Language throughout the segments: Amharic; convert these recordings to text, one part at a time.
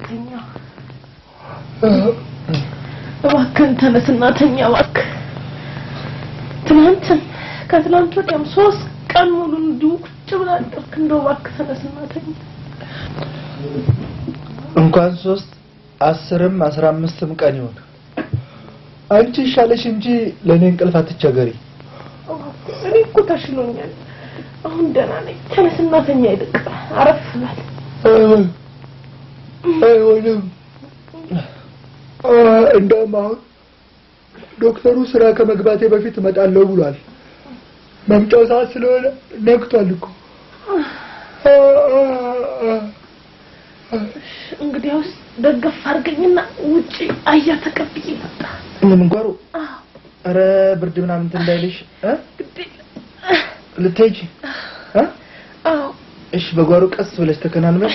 አድርግልኛ። እባክህን ተነስና ተኛ እባክህ። ትናንትም ከትናንት ወዲያም ሶስት ቀን ሙሉ እንዲሁ ቁጭ ብላ አደርክ። እንደው እባክህ ተነስና ተኛ። እንኳን ሶስት አስርም አስራ አምስትም ቀን ይሆን አንቺ ይሻለሽ እንጂ ለእኔ እንቅልፍ አትቸገሪ። እኔ እኮ ተሽሎኛል አሁን ደህና ነኝ። ተነስና ተኛ ይልቅ አረፍ ብላለች። አይሆንም። እንደውም አሁን ዶክተሩ ስራ ከመግባቴ በፊት እመጣለሁ ብሏል። መምጫው ሰዓት ስለሆነ ነግቷል እኮ። እንግዲያውስ ደገፍ አድርገኝና ውጪ አያ ተቀብዬ መጣ። ምን ጓሮ? አረ ብርድ ምናምን እንዳይልሽ ልትሄጂ። እሺ፣ በጓሮ ቀስ ብለሽ ተከናንበሽ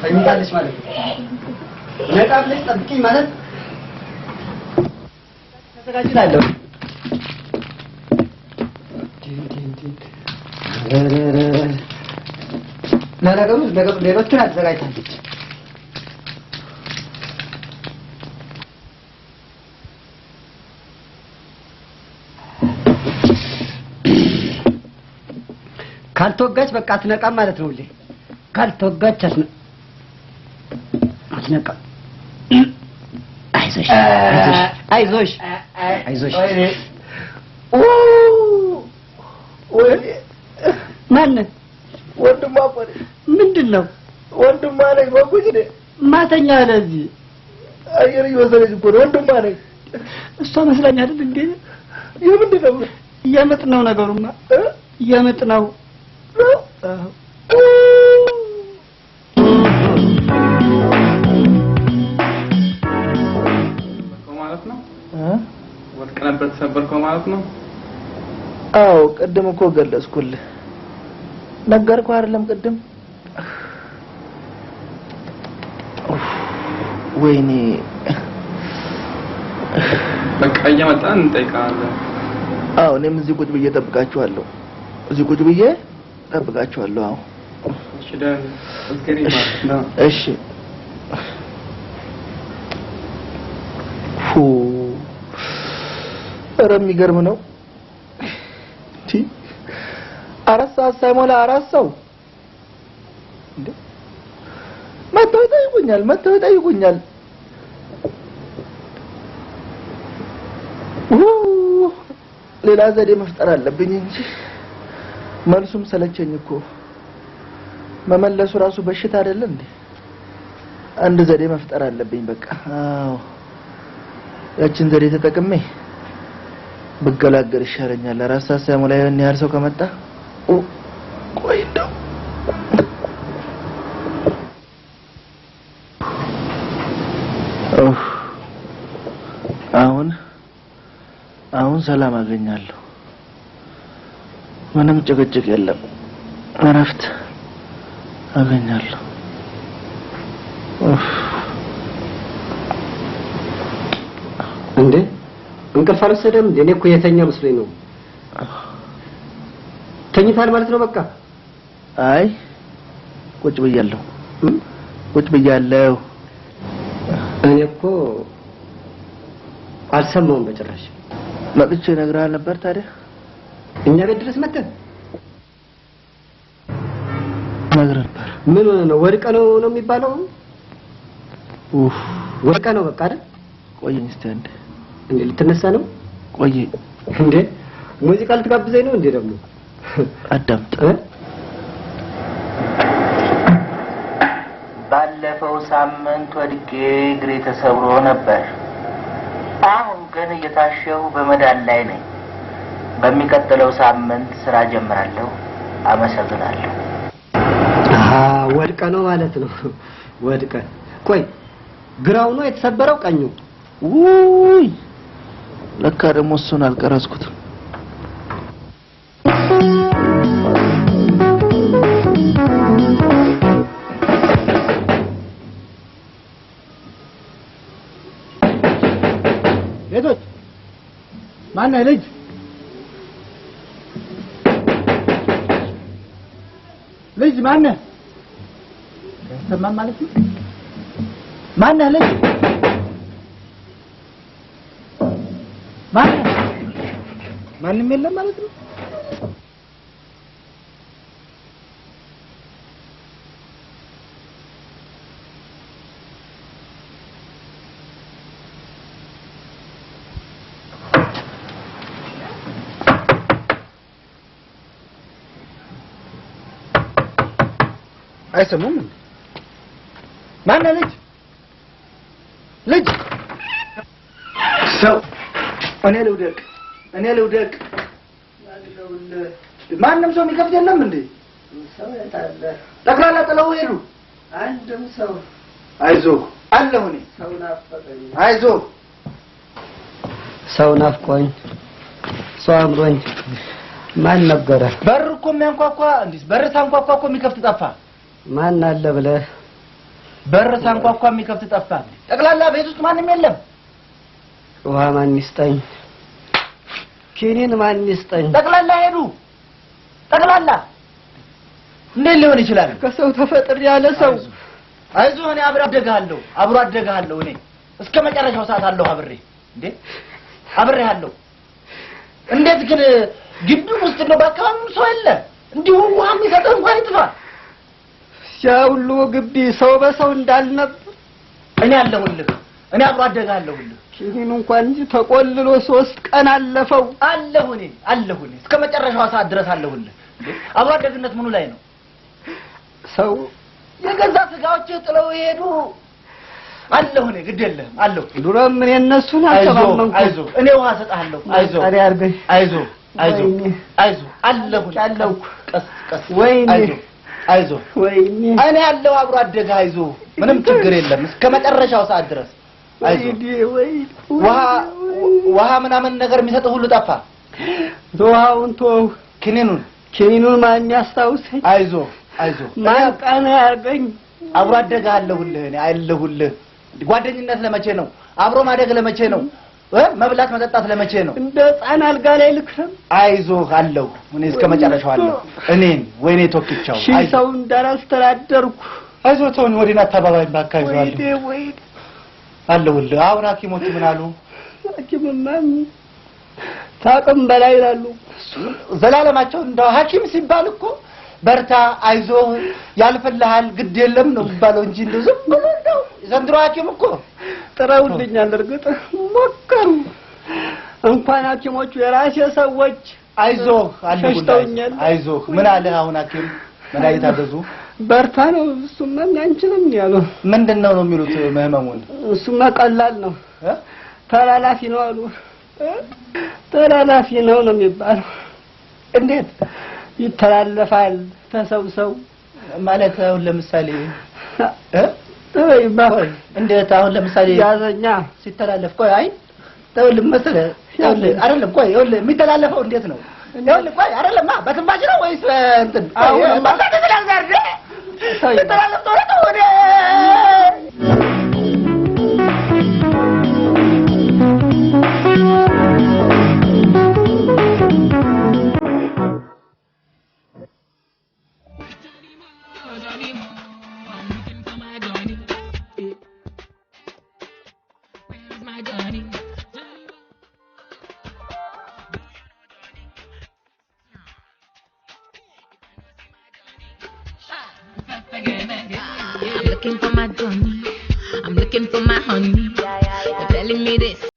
ተኝታለች ማለት ነው። ነቃ ብለሽ ጠብቂኝ ማለት ተዘጋጅላለሁ። ለነገሩ ሌሎችን አዘጋጅታለች። ካልተወጋች በቃ አትነቃም ማለት ነው ሁሌ ካልተወጋች አትነቃ። አይዞሽ አይዞሽ አይዞሽ። ማነህ? ወንድሟ። ምንድን ነው? ወንድማ ነኝ። ወጉጅ ነ ማተኛ ለዚህ አየር እየወሰደች እኮ ነው። ወንድሟ ነኝ። እሷ መስላኝ አይደል እንዴ? የምንድን ነው? የምጥ ነው ነገሩማ፣ የምጥ ነው። ነበር ተሰበርከው ማለት ነው? አዎ ቅድም እኮ ገለጽኩልህ። ነገርኩህ አይደለም ቅድም። ወይኔ በቃ እየመጣን እንጠይቃለን። አዎ እኔም እዚህ ቁጭ ብዬ እጠብቃችኋለሁ። እዚህ ቁጭ ብዬ እጠብቃችኋለሁ። አዎ እሺ። ኧረ የሚገርም ነው። አራት ሰዓት ሳይሞላ አራት ሰው መተው ይጠይቁኛል፣ መተው ይጠይቁኛል። ሌላ ዘዴ መፍጠር አለብኝ እንጂ መልሱም ሰለቸኝ እኮ መመለሱ ራሱ በሽታ አይደለ እንዴ? አንድ ዘዴ መፍጠር አለብኝ። በቃ አዎ፣ ያችን ዘዴ ተጠቅሜ ብገላገል ይሻለኛል። ለራስ ሳሳሙ ላይ ያን ያህል ሰው ከመጣ ቆይ እንደው አሁን አሁን ሰላም አገኛለሁ። ምንም ጭቅጭቅ የለም። እረፍት አገኛለሁ። እንዴ እንቅልፍ አልወሰደም። እኔ እኮ የተኛ መስሎኝ ነው። ተኝታል ማለት ነው በቃ። አይ ቁጭ ብያለሁ፣ ቁጭ ብያለሁ። እኔ እኮ አልሰማውም በጭራሽ። መጥቼ እነግርሀል ነበር። ታዲያ እኛ ቤት ድረስ መተን እነግርህ ነበር። ምን ሆነህ ነው? ወድቀህ ነው ነው የሚባለው? ኡፍ ወድቀህ ነው በቃ አይደል? ቆይ እስኪ አንዴ እንዴ ልትነሳ ነው? ቆይ እንዴ ሙዚቃ ልትጋብዘኝ ነው እንዴ? ደግሞ አዳምጥ። ባለፈው ሳምንት ወድቄ እግሬ ተሰብሮ ነበር። አሁን ግን እየታሸው በመዳን ላይ ነኝ። በሚቀጥለው ሳምንት ስራ ጀምራለሁ። አመሰግናለሁ። አሃ ወድቀ ነው ማለት ነው። ወድቀ ቆይ ግራው ነው የተሰበረው? ቀኙ ውይ ለካ ደግሞ እሱን አልቀረጽኩትም። ቤቶች ማነህ ልጅ ልጅ ማነህ ያሰማን ማለት ነው። ማነህ ልጅ ማንም የለም ማለት ነው። አይሰሙም። ማን ልጅ ልጅ ሰው እኔ ልውደቅ እኔ ልውደቅ። ማንም ሰው የሚከፍት የለም እንዴ? ሰው ጠቅላላ ጥለው ሄዱ። አንድም ሰው አይዞህ አለሁ እኔ። አይዞ ሰው ናፍቆኝ ሰው አምሮኝ ማን ነበረ? በር እኮ የሚያንኳኳ እንዲህ በር ሳንኳኳ እኮ የሚከፍት ጠፋ። ማን አለ ብለህ በር ሳንኳኳ የሚከፍት ጠፋ። ጠቅላላ ቤት ውስጥ ማንም የለም። ውሃ ማን ይስጠኝ? ኪኒን ማን ይስጠኝ? ጠቅላላ ሄዱ ጠቅላላ እንዴት ሊሆን ይችላል? ከሰው ተፈጥር ያለ ሰው አይዞህ፣ እኔ አብሬ አደግሃለሁ፣ አብሮ አደግሃለሁ። እኔ እስከ መጨረሻው ሰዓት አለሁ አብሬ እንዴ አብሬ አለሁ። እንዴት ግን ግቢው ውስጥ ነው፣ በአካባቢው ሰው የለ፣ እንዲሁ ውሃ የሚሰጥህ እንኳን ይጥፋ። ያ ሁሉ ግቢ ሰው በሰው እንዳልነበር እኔ አለሁልህ፣ እኔ አብሮ አደግሃለሁልህ ይህን እንኳን እንጂ ተቆልሎ ሶስት ቀን አለፈው። አለሁ እኔ አለሁ እኔ እስከ መጨረሻዋ ሰዓት ድረስ አለሁልህ። አብሮ አደግነት ምኑ ላይ ነው? ሰው የገዛ ስጋዎች ጥለው ይሄዱ። አለሁ እኔ ግድ የለህም አለሁ። ድሮም እኔ እነሱን አልተማመንኩም። አይዞ እኔ ውሃ እሰጥሃለሁ። አይዞህ አድርገኝ። አይዞ አይዞ አይዞህ አለሁ አለሁ። ቀስ ቀስ ወይኔ አይዞ ወይኔ እኔ አለሁ። አብሮ አደግህ አይዞ ምንም ችግር የለም እስከ መጨረሻው ሰዓት ድረስ ውሃ ምናምን ነገር የሚሰጥ ሁሉ ጠፋ። ውሃውን ተወው፣ ኪኒኑን ኪኒኑን ማን ያስታውሰኝ? አይዞህ አይዞህ፣ ማን ቀና ያርገኝ። አብሮ አደግህ አለሁልህ፣ እኔ አለሁልህ። ጓደኝነት ለመቼ ነው? አብሮ ማደግ ለመቼ ነው? መብላት መጠጣት ለመቼ ነው? እንደ ሕፃን አልጋ ላይ ልክረም። አይዞህ አለሁ እኔ እስከ መጨረሻው አለሁ። እኔን ወይኔ ቶክቻው ሰው እንዳላስተዳደርኩ። አይዞህ ተወኝ፣ ወዲና አታባባይ ባካይዘዋለሁ አለውል አሁን ሐኪሞች ምን አሉ? ሐኪምማ ታቅም በላይ ይላሉ። ዘላለማቸው እንደው ሐኪም ሲባል እኮ በርታ፣ አይዞህ፣ ያልፈልሃል፣ ግድ የለም ነው የሚባለው እንጂ እንደው ዝም ብሎ እንደው ዘንድሮ ሐኪም እኮ ጥረውልኛል። እርግጥ ሞከሩ። እንኳን ሐኪሞቹ የራሴ ሰዎች አይዞህ አለሁልህ። አይዞህ ምን አለህ? አሁን ሐኪም መድኃኒት አዘዙ። በርታ ነው። እሱማ አንችልም ያሉ ምንድን ነው ነው የሚሉት መህመሙን እሱማ ቀላል ነው፣ ተላላፊ ነው አሉ። ተላላፊ ነው ነው የሚባለው። እንዴት ይተላለፋል? ከሰው ሰው ማለት አሁን ለምሳሌ ተወይማ እንዴት አሁን ለምሳሌ ያዘኛ ሲተላለፍ ቆይ አይ ተወልም መሰለህ አይደለም። ቆይ የሚተላለፈው እንዴት ነው? ይኸውልህ ቆይ አይደለማ በትንፋሽ ነው ወይስ እንትን አሁን 别打了，都别打 gun. I'm looking for my honey. They're telling me this